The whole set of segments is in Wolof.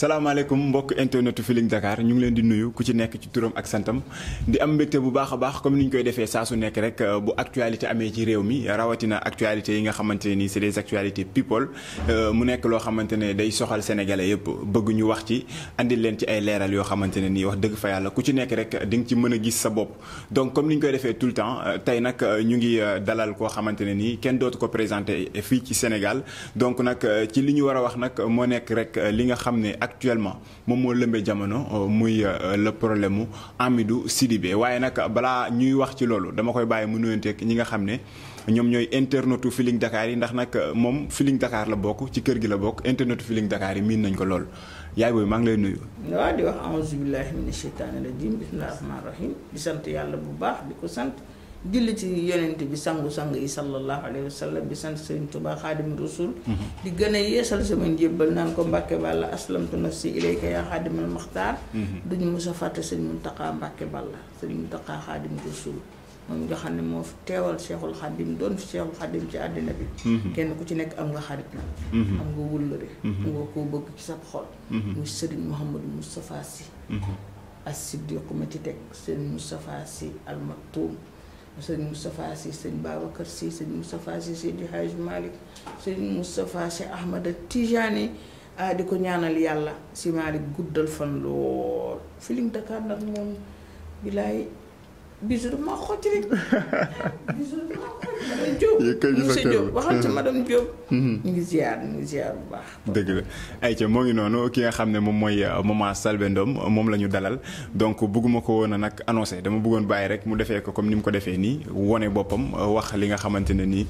salaamaaleykum mbokk internetu Feeling Dakar ñu ngi leen di nuyu ku ci nekk ci turam ak santam di am mbégte bu baax a baax comme ni ñu koy defee saa su nekk rek euh, bu actualité amee ci réew mi rawatina actualité yi nga xamante ne nii c'est des actualités people euh, mu nekk loo xamante ne day soxal sénégalais yëpp bëgg wax ci andil leen ci ay leeral yoo xamante ne nii wax dëgg fa yàlla ku ci nekk rek di nga ci mën a gis sa bopp. donc comme ni ñu koy defee tout le temps euh, tey nag ñu ngi dalal koo xamante ne nii kenn dootu ko présenté fii ci Sénégal donc nag ci li ñu war a wax nag moo nekk rek li nga xam ne actuellement moom moo lëmbee jamono euh, muy euh, le problème mu Amidou Sidibé waaye nag balaa ñuy wax ci loolu dama koy bàyyi mu nuyanteeg ñi nga xam ne ñoom ñooy internetu Feeling Dakar yi ndax nag euh, moom Feeling Dakar la bokk ci kër gi la bokk internetu Feeling Dakar yi miin nañ ko lool yaay booy maa ngi lay nuyu. waaw di wax auzu billahi mina shaytaani rajim bismillahi rahmaani di sant yàlla bu baax di ko sant. julli ci yonent bi sangu sang yi sallallahu alayhi wa bi sant Sëriñ Tuubaa xaadimu rasul mhm. di gën a yeesal sama njébbal naan ko mbàkke bàlla aslamtu nafsi ilayka yaa xaadimal maxtaar mhm. duñu mos a fàtte sëñ mu mbàkke bàlla sëñ Muntaqa xaadimu rasul moom nga ne moo fi teewal Cheikhul Khadim doon fi ci àddina bi mhm. ku ci nekk am nga xarit na am nga wullëre nga koo bëgg ci sab xol muy Sëriñ ci teg Sëriñ Moustapha Sy al Maktoum sëñ Moustapha Sy sëñ Babacar Sy sëñ Moustapha Sy Seydi Hadj Malick sëñ Moustapha Sy Ahmada Tijani ah, di ko ñaanal yàlla si Malick guddal fan lool Feeling Dakar nag moom bilaay bisu duma xotti rek bisu duma xotti monsieur Diop mm-hmm. Mm-hmm. noonu ki nga xam ne moom mooy euh, maman Selbé moom la ñu dalal donc bugguma ko woon a nag annoncé dama bëggoon bàyyi rek mu defee ko comme ni mu ko defee nii wone boppam euh, wax li nga xamante ne nii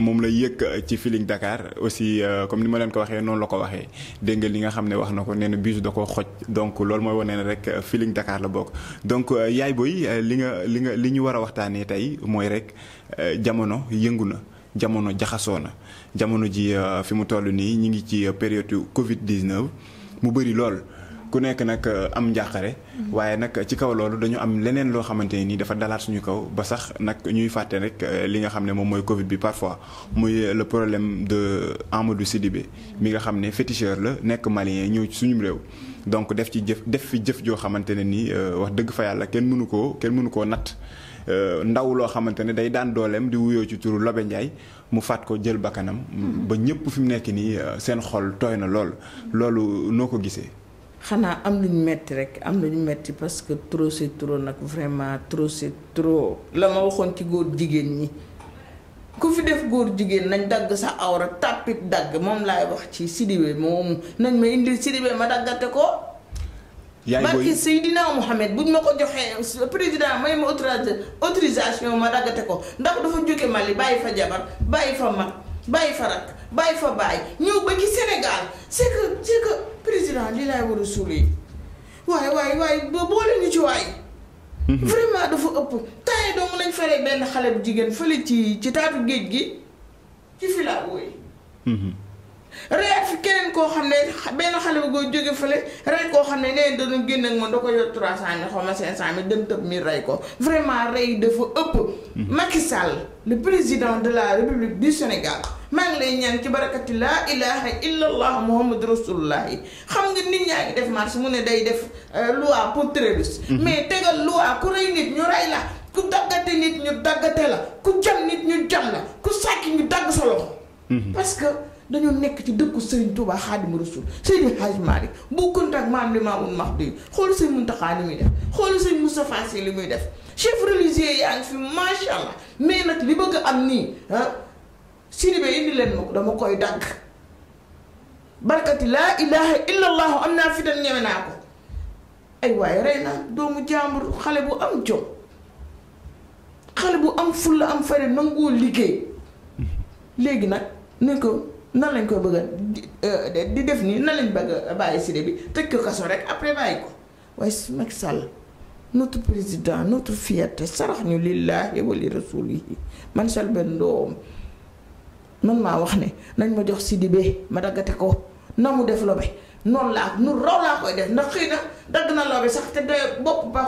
moom la yëg euh, ci Feeling Dakar aussi comme ni ma leen ko waxee noonu la ko waxee dégg nga li nga xam ne wax na ko nee na bisu da koo xoj donc loolu mooy wane na rek Feeling Dakar la bokk donc yaay boy li nga li nga li ñu war a waxtaanee tey mooy rek euh, jamono yëngu na jamono jaxasoo na jamono ji euh, fi mu toll nii ñu ngi ci euh, période Covid 19 mu bëri lool. ku nekk nag am njàqare mm-hmm. waaye nag ci kaw loolu dañu am leneen loo xamante ne nii dafa dalaat suñu kaw ba sax nag ñuy fàtte rek li nga xam ne moom mooy Covid bi parfois muy le problème de Amadou Sidibé mi nga xam ne féticheur la nekk malien ñëw ci suñu réew. donc def ci jëf def fi jëf joo xamante ne nii euh, wax dëgg fa yàlla kenn mënu koo kenn mënu koo natt euh, ndaw loo xamante ne day daan dooleem di wuyoo ci turu Lobe Ndiaye mu faat ko jël bakkanam mm-hmm. ba ñëpp fi mu nekk nii euh, seen xol tooy na lool loolu noo ko gisee. xanaa am lu ñu metti rek am na ñu metti parce que trop c'est trop nag vraiment trop c'est trop la ma waxoon ci góor jigéen ñi. ku fi def góor jigéen nañ dagg sa awra tàppit dagg moom laay wax ci Sidibé moom nañ ma indil Sidibé ma daggate ko. yaay booy barke Seydina bu ñu ma ko joxee président may ma autorisation ma daggate ko ndax dafa jóge Mali bàyyi fa jabar bàyyi fa mag bàyyi fa rak bàyyi fa baay ñëw ba ci Sénégal c'est que président li laay war a suulee waaye waaye waaye boole ñu ci waay. Mhm. vraiment dafa ëpp temps yi doomu lañ feree benn xale bu jigéen fële ci ci taatu géej gi ci filaago yi mhm. rey fi keneen koo xam ne benn xale bu koy jóge fële rey koo xam ne nee dañu génn ak man da ko yor trois cent mille xaw ma cinq cent mille dem tëb mi rey ko vraiment rey dafa ëpp mhm. Macky Sall le président de la République du Sénégal maa ngi lay ñaan ci barakati laa ilaha illa allah muhammadu rasulullah xam nga nit ñaa ngi def marche mu ne day def euh, loi pour terroriste mhm. mais tegal loi ku rey nit ñu rey la ku daggate nit ñu daggate la ku jam nit ñu jam la ku sàcc ñu dagg sa loxo mhm. parce que dañoo nekk ci dëggu Serigne Touba Xaadimu Rasul Seydi Hadj Malick bu contact maam li maa max di xool sëñ Muntaxa li def xool sëñ Moustapha Sy li muy def chef religieux yaa ngi fi macha allah mais siribe indi leen ko dama koy dagg barkati laa ilaha illallahu am naa fital ñeme naa ko ay waaye rey naa doomu jàmbur xale bu am jom xale bu am fulla am fare nangoo liggéey léegi nag ne ko nan lañ koy bëgg a di euh, def nii na lañ bëgg bàyyi siré bi tëj ko kaso rek après bàyyi ko waaye su Macky Sall notre président notre fierté sarax ñu lillahi wa li rasulihi man Selbé Ndom man maa wax ne nañ ma jox Sidibé ma daggate ko na mu def lobe noonu laa nu raw laa koy def ndax xëy na dagg na lobe sax te de bopp ba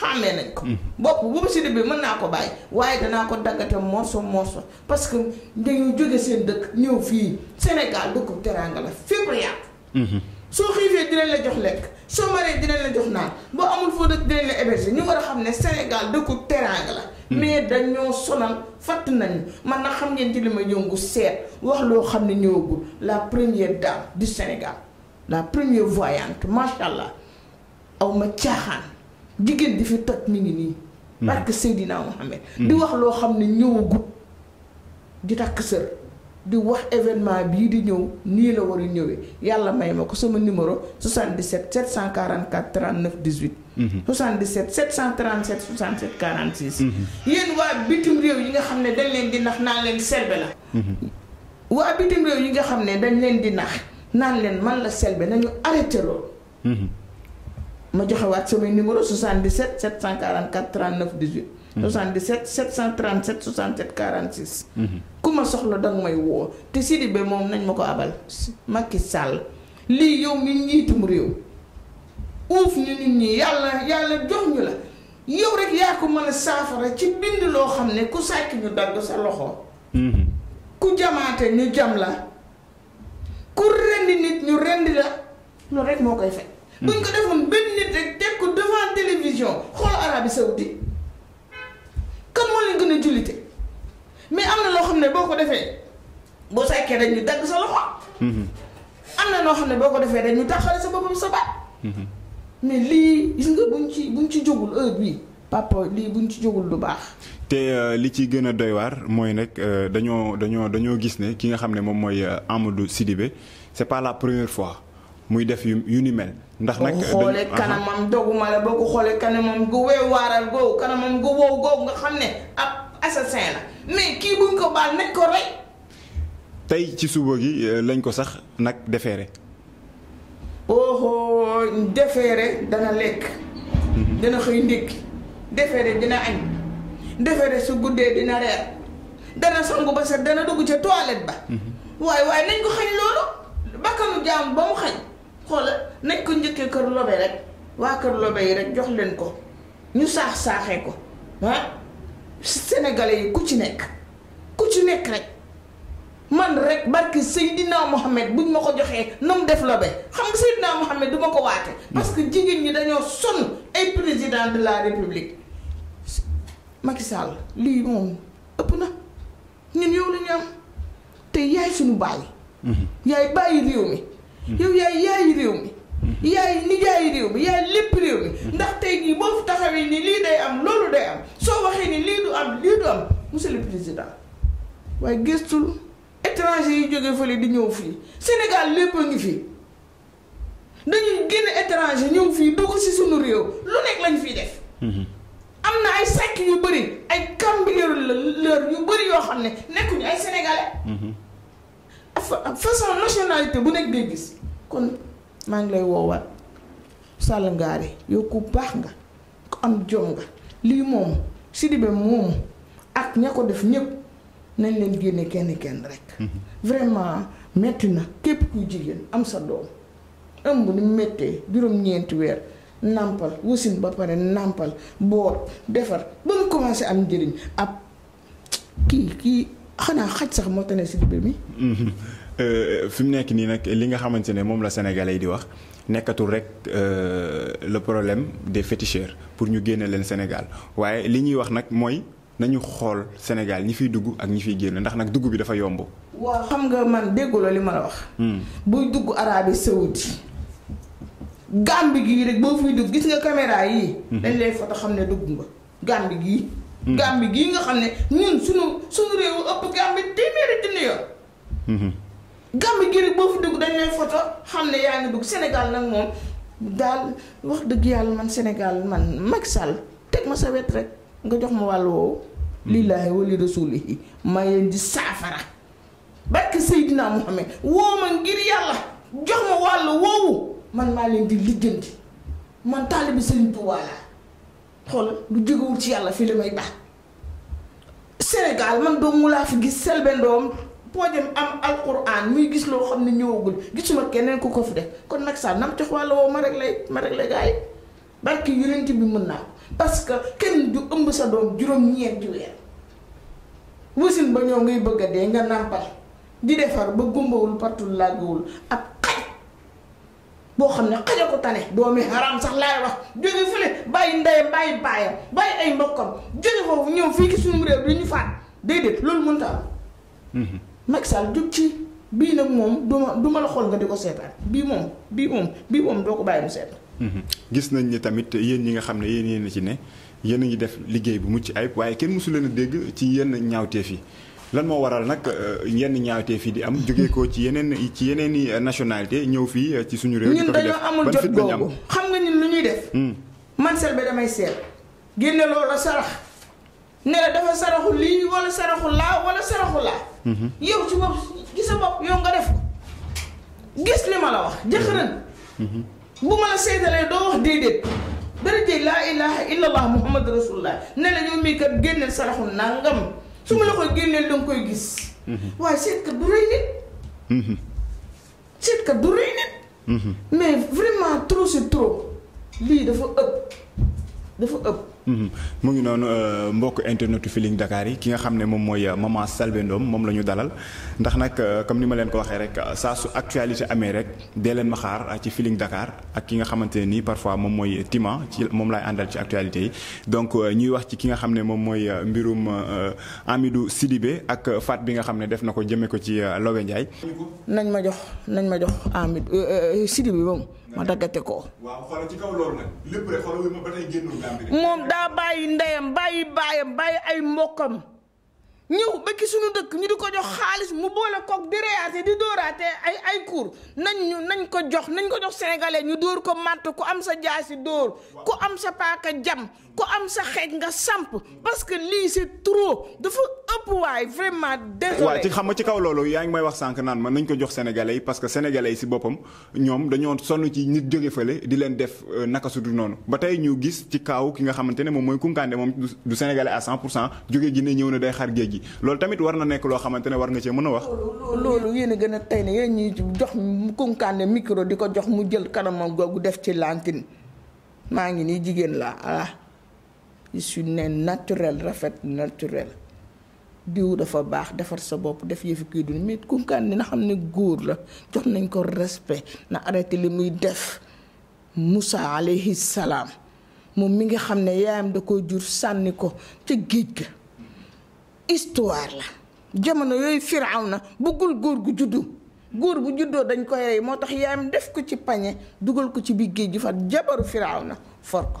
xàmmee nañ ko. Mm. bopp bu mu Sidibé mën naa ko bàyyi waaye danaa ko daggate morso morso parce que dañu jóge seen dëkk ñëw fii Sénégal dëkk teraanga la mm-hmm. soo xiifee la jox lekk soo maree dinañ la jox boo amul foo dëkk dinañ la héberger ñu war a xam ne Sénégal dëkku teraanga la. mais dañoo sonal fàtt nañu man na xam ngeen ci li ma seet wax loo xam ne ñëwagul la première dame du Sénégal la première voyante macha allah aw ma caaxaan jigéen di fi toj mi ngi nii. parce hmm. que Seydina Mohamed. Hmm. di wax loo xam ne ñëwagul di takk sër. di wax événement bii di ñëw nii la war a ñëwe yàlla may ma ko sama numéro 77 744 39 18. 77 737 67 46. yéen waa bitim réew yi nga xam ne dañ leen di nax naan leen selbe la. Mhm. waa bitim réew yi nga xam ne dañ leen di nax naan leen man la selbe nañu arrêté loolu. Mhm. ma joxewaat samay numéro 77 744 39 18. 77 737 67 46. ma soxla danga may woo te Sidibé moom nañ ma ko abal Macky Sall lii yow mi njiitum réew uuf ñu nit ñi yàlla yàlla jox ñu la yow rek yaa ko mën a saafara ci bind loo xam ne ku sàcc ñu dagg sa loxo mhm. ku jamaate ñu jam la ku rendi nit ñu rendi la loolu rek moo koy fekk mhm. buñ ko defoon benn nit rek teg ko xool Arabie Saoudite kan moo leen gën a jullite mais am na loo xam ne boo ko defee boo sàkkee dañ ñu dagg sa loxo. Mm-hmm. am na noo xam ne boo ko defee dañ ñu taxale sa boppam sa baat. Mm-hmm. mais lii gis nga buñ ci buñ ci jógul heure bii papa lii buñ ci jógul du baax. te euh, li ci gën a doywaar mooy nag euh, dañoo dañoo dañoo gis ne ki nga xam ne moom mooy euh, Amadou Sidibé c'est pas la première fois. muy def yu yu ni mel. ndax nag boo xoolee kanamam doguma la boo ko xoolee kanamam gu weewaaral googu kanamam gu wow googu nga xam ne ab assassin mais kii buñ ko baal nañ ko rey. tey ci suba gi euh, lañ ko sax nag defeere. oho defeere dana lekk. Mhm. dana xëy ndékki. defeere dina añ. defeere su guddee dina reer. dana sangu ba set dana dugg ca toilette ba. waaye mhm. waaye nañ ko xañ loolu. bakkanu jaam ba mu xañ. xoola nañ ko njëkkee kër lobe rek. waa kër lobe yi rek jox leen ko. ñu saax saaxee ko ah. sénégalais yi ku ci nekk ku ci nekk rek man rek barki Seydina Mohamed buñ ma ko joxee na def la be xam nga Seydina Mohamed du ma ko waate parce que jigéen ñi dañoo sonn ay président de la république Macky Sall lii moom ëpp na ñun yow la ñu am te yaay suñu bàyyi mhm. yaay bàyyi réew mi mhm. yow yaay yaayi réew mi mhm. yaay nijaayi réew mi yaay lépp réew mi ndax tey jii boo fi taxawee nii lii day am loolu day am am lii du am monsieur le président waaye gëstul étranger yi jógee fële di ñëw fii Sénégal lépp a ngi fii dañuy génn étranger ñëw fii dugg si suñu réew lu nekk lañ fiy def mhm. am na ay sàcc yu bëri ay la leur yu bëri yoo xam ne nekkuñu ay sénégalais mhm. façon nationalité bu nekk day gis kon maa ngi lay woowaat Sall Ngaari yow ku baax nga ku am jom nga lii moom Sidibé moom ak ña ko def ñëpp nañ leen génne kenn kenn rek. Mhm. vraiment métti na képp kuy jigéen am sa doom ëmb ni méttee juróom-ñeenti weer nàmpal wasin ba pare nàmpal boot defar ba nga commencé am njëriñ ab kii kii xanaa xaj sax moo tane Sidibé mi. Mhm. Euh, fi mu nekk nii nag li nga xamante ne moom la sénégalais yi di wax nekkatul rek euh, le problème de féticheurs pour ñu génne leen Sénégal waaye li ñuy wax nag mooy nañu xool Sénégal ñi fiy dugg ak ñi fiy génn ndax nag dugg bi dafa yomb. waaw xam nga man dégguloo li ma la wax. Hmm. buy dugg Arabie Saoudi. Gàmbi gii rek boo fuy dugg gis nga caméra yii. Hmm. dañ lay foto xam ne dugg nga Gàmbi gii. Hmm. Gàmbi gii nga xam ne ñun sunu sunu réew ëpp Gàmbi téeméeri junni yoon. Gambie gi rek boo fi dugg dañ lay photo xam ne yaa ngi dugg Sénégal nag moom daal wax dëgg yàlla man senegaal man mag sàll teg ma sa wet rek nga jox ma wàll woowu. Hmm. lillaahi wa li rasuulihi ma leen di saafara barke Seydina Muhammad woo ma ngir yàlla jox ma wàll woowu man maa leen di lijjanti man taalibi Sëriñ Tuubaa laa xool lu jógewul ci yàlla fii la may baax Sénégal man doomu laa fi gis Selbé Ndom poojam am alquran muy gis loo xam ne ñëwagul gisuma keneen ku ko fi def kon nag sax nam jox wàlla woo ma rek lay ma rek lay gars yi barke bi mën naa ko parce que kenn du ëmb sa doom juróom-ñeenti weer wasin ba ñoo ngay bëgg a dee nga nàmpal di defar ba gumbawul partul làggawul ab xaj boo xam ne xaja ko tane doomi haram sax laay wax jóge fu ne bàyyi ndeyam bàyyi baayam bàyyi ay mbokkam jóge foofu ñëw fii ki suñu réew du ñu faat déedéet loolu Macky Sall jóg ci bii nag moom du ma la xool nga di ko seetaan bii moom bii moom bii moom doo ko bàyyi mu seet. Mhm. gis nañ ni tamit yéen ñi nga xam ne yéen yéen a ci ne yéen a ngi def liggéey bu mucc ay waaye kenn mësu leen a dégg ci yenn ñaawteef yi lan moo waral nag euh, yenn ñaawteef yi di am jógee ko ci yeneen ci yeneen i nationalité ñëw fii euh, ci suñu réew. ñun dañoo amul jot googu xam nga ñun lu ñuy def. Hmm. man sel damay seet génne loola sarax. ne dafa saraxu lii wala saraxu laa wala saraxu laa. Mhm. yow ci bopp gis sa bopp yow nga def ko gis li ma la wax jëkkëran mhm. bu ma la seetalee doo wax déedéet dara jëy laa ilaha illallah muhammad rasulullah ne la yow mii kat génneel saraxu nangam su ma la koy génneel danga koy gis. Mhm. waaye seetkat du rëy nit. seetkat du rëy nit. mais vraiment trop c'est lii dafa ëpp dafa ëpp. Mhm. mu ngi noonu euh, mbokk internetu Feeling Dakar yi ki nga xam ne moom mooy euh, maman Selbé moom la ñu dalal ndax nag euh, comme ni ma leen ko waxee rek saa su actualité amee rek dee leen ma xaar ci Feeling Dakar ak ki nga xamante ne nii parfois moom mooy Tima ci moom lay àndal ci actualité yi. donc ñuy wax ci ki nga xam ne moom mooy mbirum Amidou sidibe ak faat bi nga xam ne def na ko jëmee ko ci Lobé Ndiaye. nañ ma jox nañ ma jox Amidou Sidibé moom. ma daggate ko. waaw xoolal ci moom daa bàyyi ndeyam bàyyi baayam bàyyi ay mbokkam ñëw ba suñu dëkk ñu di ko jox xaalis mu boole kook di reyaate di dóoraate ay ay cour nañ nañ ko jox nañ ko jox sénégalais ñu dóor ko màtt ku am sa si dóor ku am sa paaka jam ku am sa xeej nga samp parce que lii c'est trop dafa ëpp waay vraiment désolé. waaw ci xam nga ci kaw loolu yaa ngi may wax sànq naan ma nañ ko jox sénégalais yi parce que sénégalais yi si boppam ñoom dañoo sonn ci nit jóge fële di leen def euh, naka su du noonu ba tey ñu gis ci kaaw ki nga xamante ne moom mooy Kunkande moom du sénégalais à 100 pour cent jóge gi ne ñëw na day xar géej gi loolu tamit war na nekk loo xamante ne war nga cee mën a wax. loolu yéen a gën a tey ne yéen ñuy jox Kunkande micro di ko jox mu jël kanamam googu def ci lantin maa ngi nii jigéen laa ah. je suis ne naturel rafet naturel diw dafa baax defar sa bopp def yëfi kii dund mais kunkaan dina xam ne góor la jox nañ ko respe na arrêté li muy def Moussa alayhi salaam moom mi nga xam ne yaayam da ko jur sànni ko ca géej ga histoire la jamono yooyu na bëggul góor gu juddu góor bu juddoo dañ koy rey moo tax yaayam def ko ci pañe dugal ko ci biir géej gi far jabaru Firawna for ko